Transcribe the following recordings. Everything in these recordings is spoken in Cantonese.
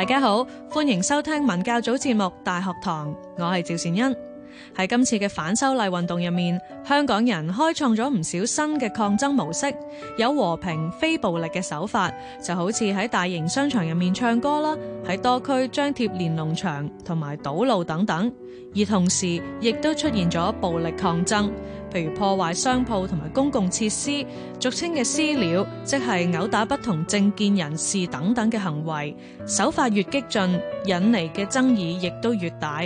大家好，歡迎收聽文教組節目《大學堂》，我係趙善恩。喺今次嘅反修例運動入面，香港人開創咗唔少新嘅抗爭模式，有和平非暴力嘅手法，就好似喺大型商場入面唱歌啦，喺多區張貼連儂牆同埋堵路等等，而同時亦都出現咗暴力抗爭。譬如破壞商鋪同埋公共設施，俗稱嘅私了，即係毆打不同政見人士等等嘅行為，手法越激進，引嚟嘅爭議亦都越大。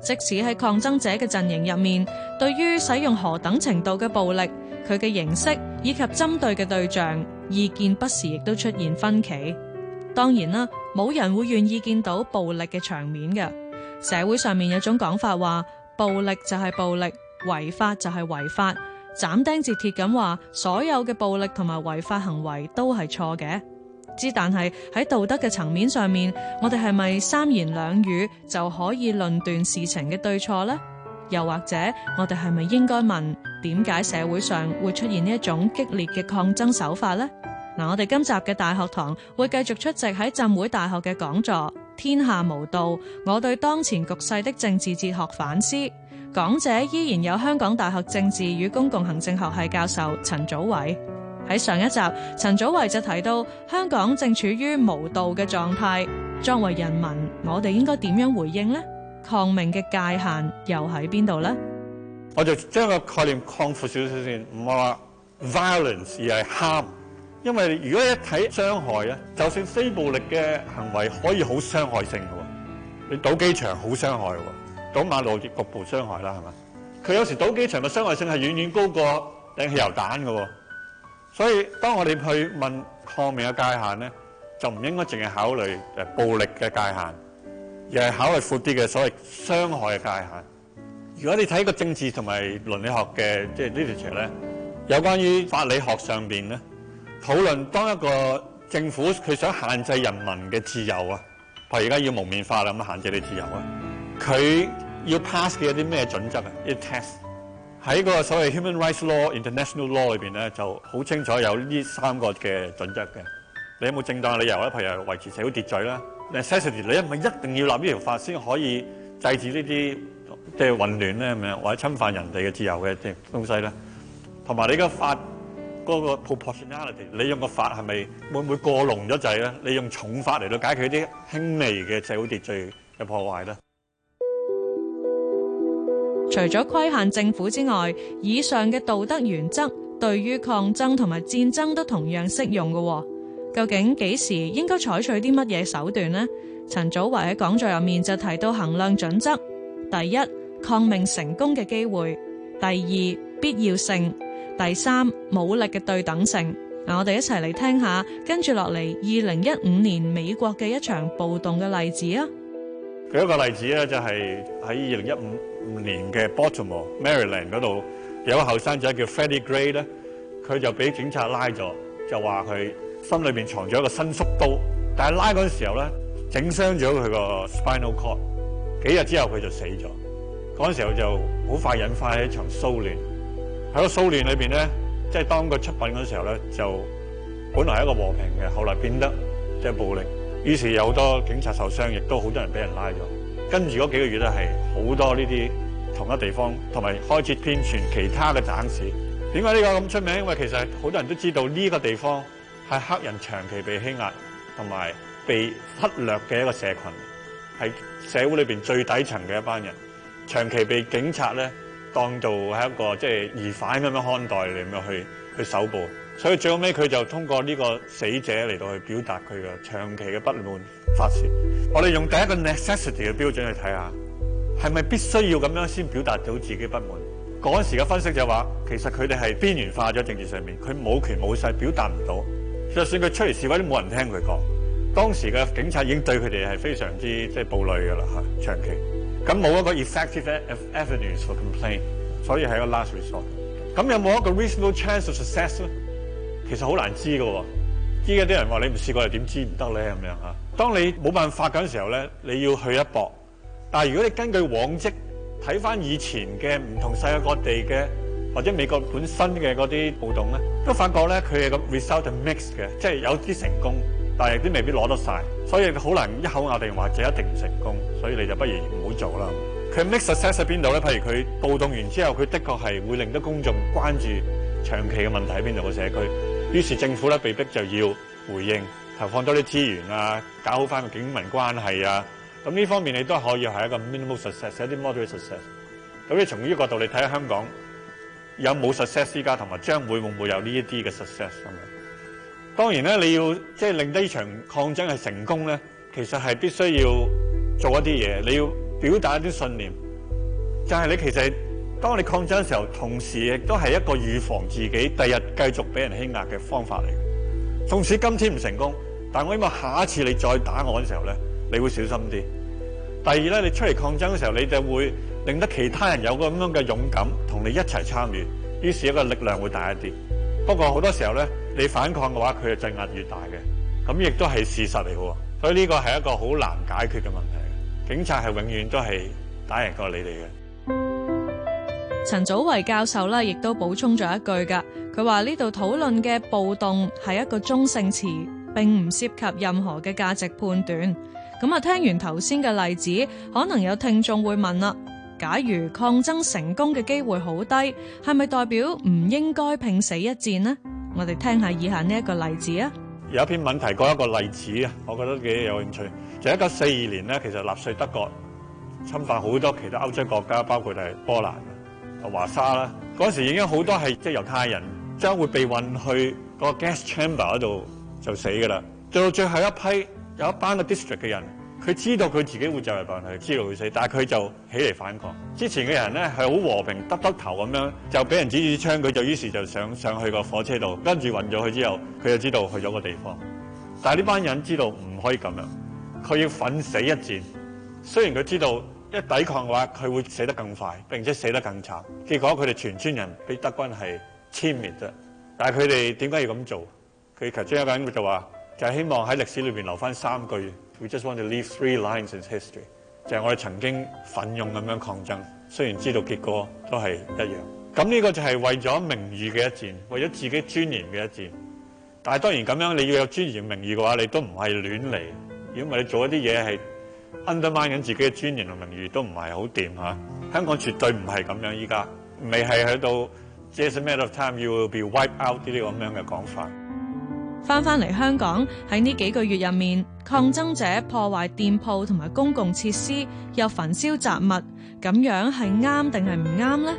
即使喺抗爭者嘅陣營入面，對於使用何等程度嘅暴力，佢嘅形式以及針對嘅對象，意見不時亦都出現分歧。當然啦，冇人會願意見到暴力嘅場面嘅。社會上面有一種講法話，暴力就係暴力。違法就係違法，斬釘截鐵咁話，所有嘅暴力同埋違法行為都係錯嘅。之但係喺道德嘅層面上面，我哋係咪三言兩語就可以論斷事情嘅對錯呢？又或者我哋係咪應該問，點解社會上會出現呢一種激烈嘅抗爭手法呢？嗱，我哋今集嘅大學堂會繼續出席喺浸會大學嘅講座《天下無道》，我對當前局勢的政治哲學反思。講者依然有香港大學政治與公共行政學系教授陳祖偉喺上一集，陳祖偉就提到香港正處於無道嘅狀態，作為人民，我哋應該點樣回應呢？抗命嘅界限又喺邊度呢？我就將個概念擴闊少少先，唔係話 violence 而係 h arm，因為如果一睇傷害咧，就算非暴力嘅行為可以好傷害性嘅，你堵機場好傷害。堵馬路亦局部傷害啦，係嘛？佢有時堵機場嘅傷害性係遠遠高過掟汽油彈嘅喎。所以當我哋去問抗命嘅界限咧，就唔應該淨係考慮誒暴力嘅界限，而係考慮闊啲嘅所謂傷害嘅界限。如果你睇個政治同埋倫理學嘅，即係呢條斜咧，有關於法理學上面咧，討論當一個政府佢想限制人民嘅自由啊，譬如而家要蒙面法咁啊，限制你自由啊，佢。要 pass 嘅一啲咩準則啊？啲 test 喺個所謂 human rights law、international law 裏邊咧，就好清楚有呢三個嘅準則嘅。你有冇正當嘅理由咧？譬如維持社會秩序咧，necessity 你係咪一定要立呢條法先可以制止呢啲即係混亂咧咁樣，或者侵犯人哋嘅自由嘅啲東西咧？同埋你嘅法嗰個 proportionality，你用個法係咪會唔會過籠咗滯咧？你用重法嚟到解決啲輕微嘅社會秩序嘅破壞咧？除咗規限政府之外，以上嘅道德原則對於抗爭同埋戰爭都同樣適用嘅。究竟幾時應該採取啲乜嘢手段呢？陳祖為喺講座入面就提到衡量準則：第一，抗命成功嘅機會；第二，必要性；第三，武力嘅對等性。嗱，我哋一齊嚟聽下，跟住落嚟二零一五年美國嘅一場暴動嘅例子啊！舉一個例子咧，就係喺二零一五。五年嘅 Baltimore Maryland 嗰度有個後生仔叫 Freddie Gray 咧，佢就俾警察拉咗，就話佢心裏邊藏咗一個伸縮刀，但係拉嗰時候咧，整傷咗佢個 spinal cord，幾日之後佢就死咗。嗰時候就好快引發一場騷亂，喺個騷亂裏邊咧，即係當佢出殯嗰時候咧，就本來係一個和平嘅，後來變得即係暴力，於是有好多警察受傷，亦都好多人俾人拉咗。跟住嗰幾個月咧係。好多呢啲同一地方，同埋開始編纂其他嘅省市，點解呢個咁出名？因為其實好多人都知道呢個地方係黑人長期被欺壓同埋被忽略嘅一個社群，係社會裏邊最底層嘅一班人，長期被警察咧當做係一個即係疑犯咁樣看待你咁樣去去搜捕。所以最後尾，佢就通過呢個死者嚟到去表達佢嘅長期嘅不滿發泄。我哋用第一個 necessity 嘅標準去睇下。係咪必須要咁樣先表達到自己不滿？嗰時嘅分析就話，其實佢哋係邊緣化咗政治上面，佢冇權冇勢表達唔到。就算佢出嚟示威，都冇人聽佢講。當時嘅警察已經對佢哋係非常之即係暴戾㗎啦嚇。長期咁冇一個 effective evidence for complaint，所以係一個 last resort。咁有冇一個 reasonable chance of success 咧？其實好難知㗎喎。依家啲人話你唔試過又點知唔得咧咁樣嚇。當你冇辦法嗰陣時候咧，你要去一搏。但係如果你根據往績睇翻以前嘅唔同世界各地嘅或者美國本身嘅嗰啲暴動咧，都發覺咧佢係個 result mix 嘅，即係有啲成功，但係亦都未必攞得晒。所以好難一口咬定或者一定唔成功，所以你就不如唔好做啦。佢 mix success 喺邊度咧？譬如佢暴動完之後，佢的確係會令到公眾關注長期嘅問題喺邊度嘅社區，於是政府咧被逼就要回應，投放多啲資源啊，搞好翻個警民關係啊。咁呢方面你都可以係一個 minimal success，一啲 moderate success。咁你從呢個角度你睇下香港有冇 success 依家，同埋將會會唔會有呢一啲嘅 success 咁樣？當然咧，你要即係令呢場抗爭係成功咧，其實係必須要做一啲嘢，你要表達一啲信念。就係、是、你其實當你抗爭嘅時候，同時亦都係一個預防自己第日繼續俾人欺壓嘅方法嚟。縱使今天唔成功，但我希望下一次你再打我嘅時候咧。你會小心啲。第二咧，你出嚟抗爭嘅時候，你就會令得其他人有個咁樣嘅勇敢，同你一齊參與，於是一個力量會大一啲。不過好多時候咧，你反抗嘅話，佢嘅鎮壓越大嘅，咁亦都係事實嚟嘅喎。所以呢個係一個好難解決嘅問題。警察係永遠都係打贏過你哋嘅。陳祖維教授咧，亦都補充咗一句噶，佢話呢度討論嘅暴動係一個中性詞，並唔涉及任何嘅價值判斷。咁啊，聽完頭先嘅例子，可能有聽眾會問啦：假如抗爭成功嘅機會好低，係咪代表唔應該拼死一戰呢？我哋聽下以下呢一個例子啊。有一篇文提過一個例子啊，我覺得幾有興趣。就一九四二年咧，其實納粹德國侵犯好多其他歐洲國家，包括係波蘭、華沙啦。嗰時已經好多係即係猶太人，將會被運去個 gas chamber 度就死噶啦。到最後一批。有一班個 district 嘅人，佢知道佢自己會就嚟俾人去，知道佢死，但係佢就起嚟反抗。之前嘅人咧係好和平，耷耷頭咁樣，就俾人指住槍，佢就於是就上上去個火車度，跟住運咗佢之後，佢就知道去咗個地方。但係呢班人知道唔可以咁樣，佢要奮死一戰。雖然佢知道一抵抗嘅話，佢會死得更快，並且死得更慘。結果佢哋全村人俾德軍係殲滅咗。但係佢哋點解要咁做？佢其中一個人就話。就係希望喺歷史裏邊留翻三句。We just want to leave three lines in history。就係我哋曾經奮勇咁樣抗爭，雖然知道結果都係一樣。咁呢個就係為咗名譽嘅一戰，為咗自己尊嚴嘅一戰。但係當然咁樣，你要有尊嚴名譽嘅話，你都唔係亂嚟。如果唔係你做一啲嘢係 undermine 緊自己嘅尊嚴同名譽，都唔係好掂嚇。香港絕對唔係咁樣依家，未係去到 just a matter of time you will be wiped out 呢個咁樣嘅講法。翻翻嚟香港喺呢幾個月入面，抗爭者破壞店鋪同埋公共設施，又焚燒雜物，咁樣係啱定係唔啱呢？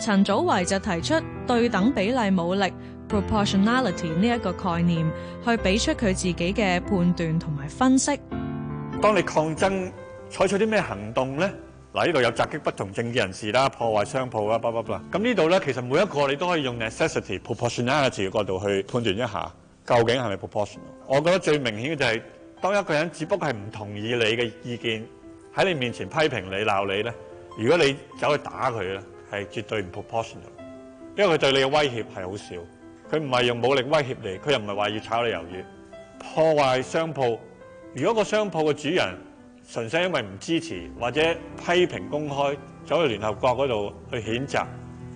陳祖為就提出對等比例武力 （proportionality） 呢一個概念，去俾出佢自己嘅判斷同埋分析。當你抗爭採取啲咩行動呢？嗱，呢度有襲擊不同政治人士啦，破壞商鋪啦，叭叭叭。咁呢度咧，其實每一個你都可以用 necessity proportionality 嘅角度去判斷一下。究竟係咪 proportional？我覺得最明顯嘅就係，當一個人只不過係唔同意你嘅意見，喺你面前批評你鬧你咧，如果你走去打佢咧，係絕對唔 proportional，因為佢對你嘅威脅係好少。佢唔係用武力威脅你，佢又唔係話要炒你魷魚、破壞商鋪。如果個商鋪嘅主人純粹因為唔支持或者批評公開，走去聯合國嗰度去譴責，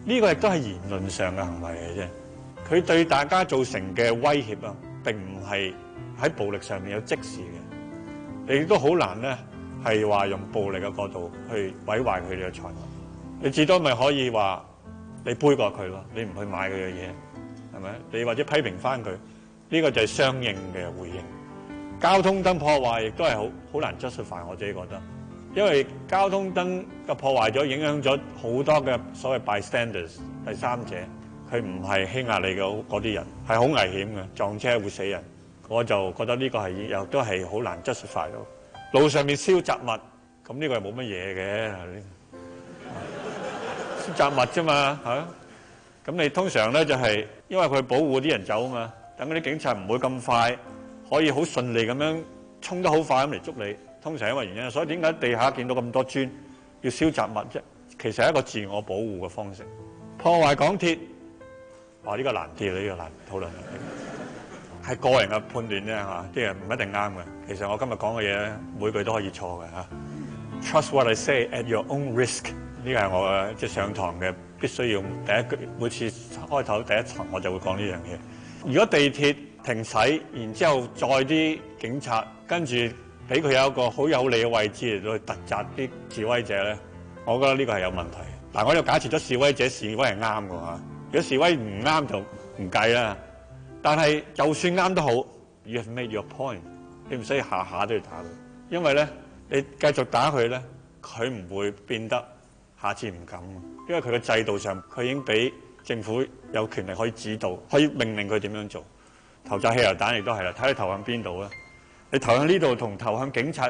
呢個亦都係言論上嘅行為嘅啫。佢對大家造成嘅威脅啊，並唔係喺暴力上面有即時嘅，你都好難咧，係話用暴力嘅角度去毀壞佢哋嘅財物。你至多咪可以話你背過佢咯，你唔去買佢嘅嘢，係咪？你或者批評翻佢，呢個就係相應嘅回應。交通燈破壞亦都係好好難質素 y 我自己覺得，因為交通燈嘅破壞咗，影響咗好多嘅所謂 bystanders 第三者。佢唔係欺壓你嘅，嗰啲人係好危險嘅，撞車會死人，我就覺得呢個係又都係好難 justify 到的路上面燒雜物咁呢個係冇乜嘢嘅燒雜物啫嘛，吓，咁你通常咧就係、是、因為佢保護啲人走啊嘛，等嗰啲警察唔會咁快可以好順利咁樣衝得好快咁嚟捉你，通常是因為原因，所以點解地下見到咁多磚要燒雜物啫？其實係一個自我保護嘅方式。破壞港鐵。哇！呢、這個難啲啊，呢、這個難討論啊，係個人嘅判斷啫嚇，啲人唔一定啱嘅。其實我今日講嘅嘢咧，每句都可以錯嘅嚇。Trust what I say at your own risk。呢個係我即係上堂嘅必須要第一句，每次開頭第一堂我就會講呢樣嘢。如果地鐵停駛，然之後載啲警察跟住俾佢有一個好有利嘅位置嚟到去突襲啲示威者咧，我覺得呢個係有問題。嗱，我又假設咗示威者示威係啱嘅嚇。有示威唔啱就唔計啦。但係就算啱都好，You have made your point，你唔使下下都要打佢，因為咧你繼續打佢咧，佢唔會變得下次唔敢。因為佢嘅制度上，佢已經俾政府有權力可以指導，可以命令佢點樣做。投炸汽油彈，亦都係啦。睇你投向邊度啦。你投向呢度同投向警察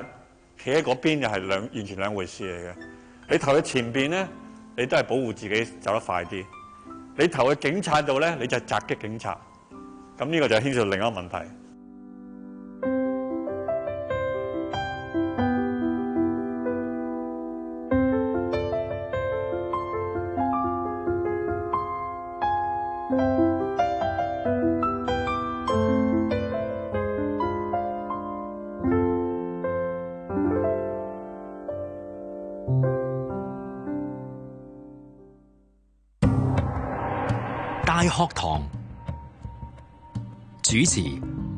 企喺嗰邊，又係兩完全兩回事嚟嘅。你投喺前面咧，你都係保護自己走得快啲。你投去警察度咧，你就係襲擊警察，咁呢個就牽涉到另一個問題。大學堂主持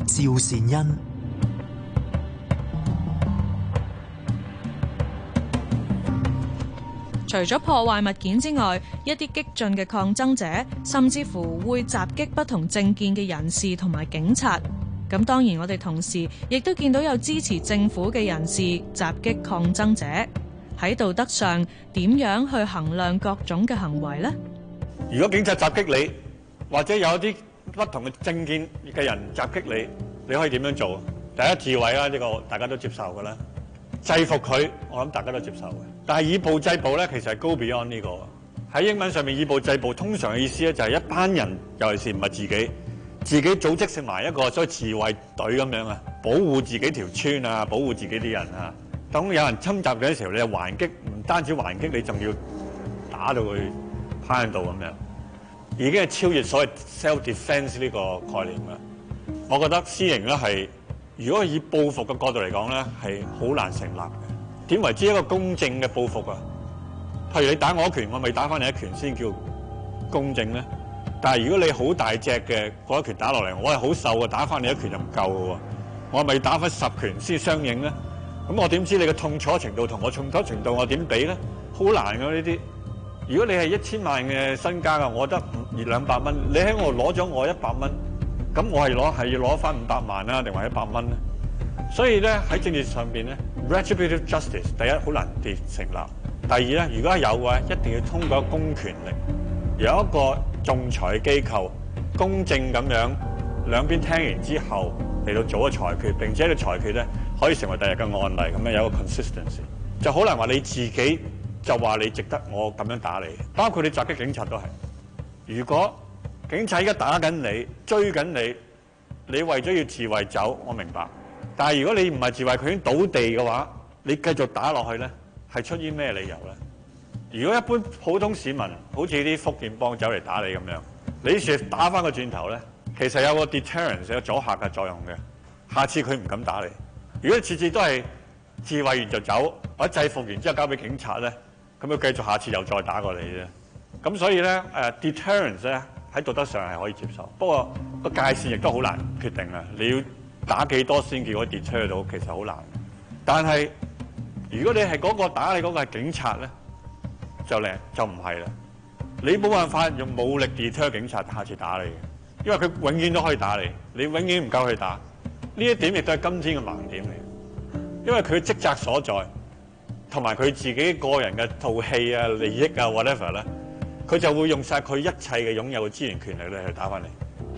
趙善恩。除咗破壞物件之外，一啲激進嘅抗爭者甚至乎會襲擊不同政見嘅人士同埋警察。咁當然，我哋同時亦都見到有支持政府嘅人士襲擊抗爭者。喺道德上，點樣去衡量各種嘅行為呢？如果警察襲擊你，或者有啲不同嘅政見嘅人襲擊你，你可以點樣做？第一，自衞啦，呢個大家都接受㗎啦。制服佢，我諗大家都接受嘅。但係以暴制暴咧，其實係 go beyond 呢個，喺英文上面以暴制暴，通常嘅意思咧就係一班人，尤其是唔係自己，自己組織成埋一個所謂自衞隊咁樣啊，保護自己條村啊，保護自己啲人啊。等有人侵襲嘅時候，你係還擊，唔單止還擊，你仲要打到佢趴喺度咁樣。已經係超越所謂 self defence 呢個概念啦。我覺得私刑咧係，如果以報復嘅角度嚟講咧，係好難成立嘅。點為之一個公正嘅報復啊？譬如你打我一拳，我咪打翻你一拳先叫公正咧？但係如果你好大隻嘅，嗰一拳打落嚟，我係好瘦啊，打翻你一拳就唔夠嘅喎。我係咪打翻十拳先相應咧？咁我點知你嘅痛楚程度同我痛楚程度我點比咧？好難嘅呢啲。如果你係一千萬嘅身家啊，我覺得。兩百蚊，你喺我攞咗我一百蚊，咁我係攞係要攞翻五百萬啦，定還一百蚊咧？所以咧喺政治上邊咧，retributive justice 第一好難跌成立，第二咧，如果有嘅話，一定要通過公權力有一個仲裁機構公正咁樣，兩邊聽完之後嚟到，做個裁決，並且呢裁決咧可以成為第日嘅案例咁樣，有個 consistency，就好難話你自己就話你值得我咁樣打你，包括你襲擊警察都係。如果警察依家打緊你、追緊你，你為咗要自衛走，我明白。但係如果你唔係自衛，佢已經倒地嘅話，你繼續打落去咧，係出於咩理由咧？如果一般普通市民好似啲福建幫走嚟打你咁樣，你說打翻個轉頭咧，其實有個 deterrence 有阻嚇嘅作用嘅，下次佢唔敢打你。如果次次都係自衛完就走，或者制服完之後交俾警察咧，咁佢繼續下次又再打過你。咁所以咧，誒、uh, deterrence 咧喺道德上係可以接受，不過個界線亦都好難決定啊！你要打幾多先至可以 deter 到，其實好難。但係如果你係嗰個打你嗰個係警察咧，就咧就唔係啦。你冇辦法用武力 deter 警察下次打你嘅，因為佢永遠都可以打你，你永遠唔夠佢打。呢一點亦都係今天嘅盲點嚟，因為佢職責所在，同埋佢自己個人嘅套戲啊、利益啊 whatever 咧。佢就會用曬佢一切嘅擁有嘅資源、權力咧，嚟打翻你。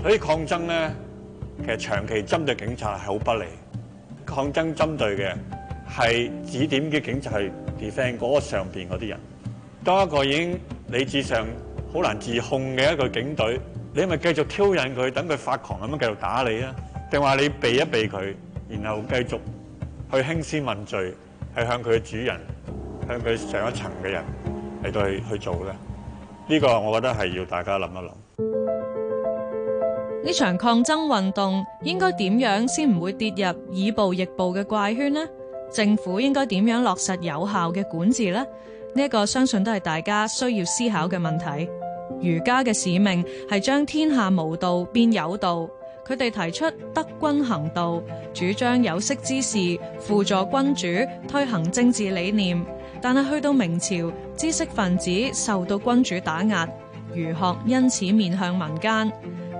所以抗爭咧，其實長期針對警察係好不利。抗爭針對嘅係指點啲警察係 defend 嗰上邊嗰啲人。當一個已經理智上好難自控嘅一個警隊，你係咪繼續挑釁佢，等佢發狂咁樣繼續打你啊？定話你避一避佢，然後繼續去興師問罪，係向佢嘅主人，向佢上一層嘅人嚟到去去做咧？呢個我覺得係要大家諗一諗。呢場抗爭運動應該點樣先唔會跌入以暴易暴嘅怪圈呢？政府應該點樣落實有效嘅管治呢？呢、呢個相信都係大家需要思考嘅問題。儒家嘅使命係將天下無道變有道，佢哋提出德君行道，主張有識之士輔助君主推行政治理念。但係去到明朝，知識分子受到君主打壓，儒學因此面向民間。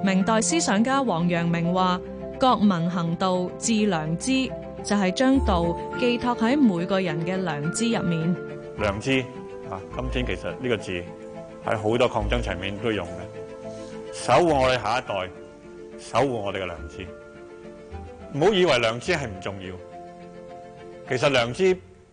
明代思想家王陽明話：覺民行道，致良知，就係、是、將道寄託喺每個人嘅良知入面。良知啊，今天其實呢個字喺好多抗爭場面都用嘅，守護我哋下一代，守護我哋嘅良知。唔好以為良知係唔重要，其實良知。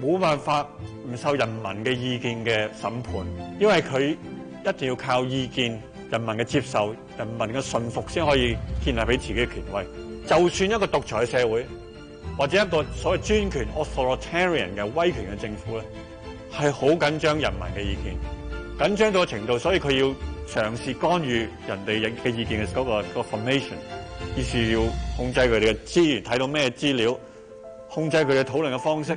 冇辦法唔受人民嘅意見嘅審判，因為佢一定要靠意見、人民嘅接受、人民嘅信服先可以建立俾自己嘅權威。就算一個獨裁嘅社會，或者一個所謂專權 （authoritarian） 嘅威權嘅政府咧，係好緊張人民嘅意見，緊張到嘅程度，所以佢要嘗試干預人哋嘅意見嘅嗰、嗰個 formation，於是要控制佢哋嘅資源睇到咩資料，控制佢哋討論嘅方式。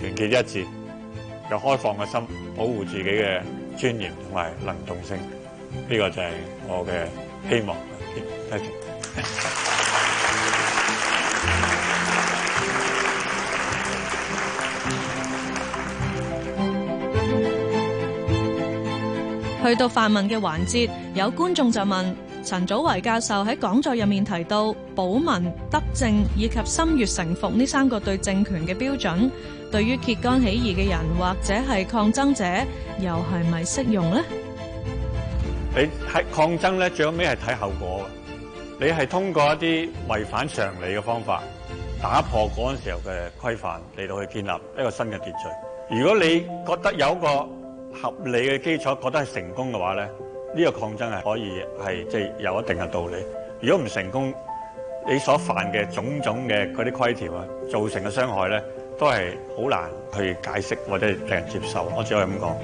團結一致，有開放嘅心，保護自己嘅尊嚴同埋能動性，呢個就係我嘅希望。多謝。去到發問嘅環節，有觀眾就問。陳祖維教授喺講座入面提到，保民、德政以及心悦誠服呢三個對政權嘅標準，對於揭竿起義嘅人或者係抗爭者，又係咪適用咧？你喺抗爭咧，最尾係睇後果。你係通過一啲違反常理嘅方法，打破嗰陣時候嘅規範，嚟到去建立一個新嘅秩序。如果你覺得有個合理嘅基礎，覺得係成功嘅話咧？呢個抗爭係可以係，即係有一定嘅道理。如果唔成功，你所犯嘅種種嘅嗰啲規條啊，造成嘅傷害咧，都係好難去解釋或者令人接受。我只可以咁講。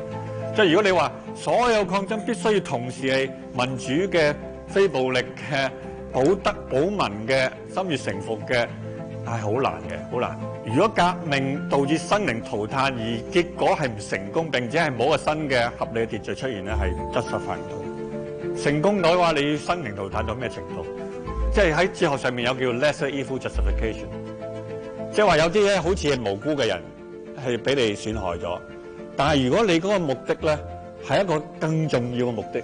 即係如果你話所有抗爭必須要同時係民主嘅、非暴力嘅、保德保民嘅、心悅誠服嘅。係好難嘅，好難。如果革命導致生靈塗炭而結果係唔成功，並且係冇個新嘅合理嘅秩序出現咧，係確實犯唔到。成功到嘅話，你生靈塗炭到咩程度？即係喺哲學上面有叫 lesser evil justification，即係話有啲咧好似係無辜嘅人係俾你損害咗，但係如果你嗰個目的咧係一個更重要嘅目的，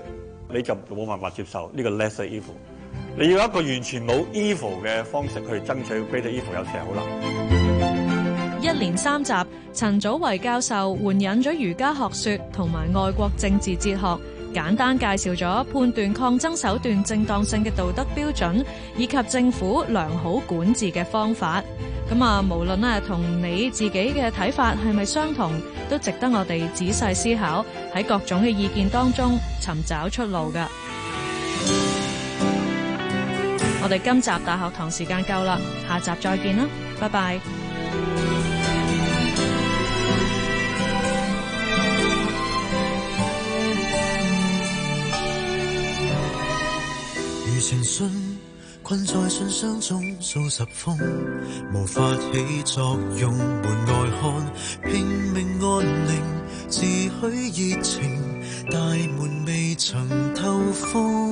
你就冇辦法接受呢個 lesser evil。你要一個完全冇 evil 嘅方式去爭取非得 evil 有時候好難。一連三集，陳祖為教授援引咗儒家學說同埋外國政治哲學，簡單介紹咗判斷抗爭手段正當性嘅道德標準，以及政府良好管治嘅方法。咁啊，無論啊同你自己嘅睇法係咪相同，都值得我哋仔細思考喺各種嘅意見當中尋找出路㗎。我哋今集大學堂時間夠啦，下集再見啦，拜拜。如情信困在信箱中數十封，無法起作用。門外看拼命按鈴，自許熱情，大門未曾透風。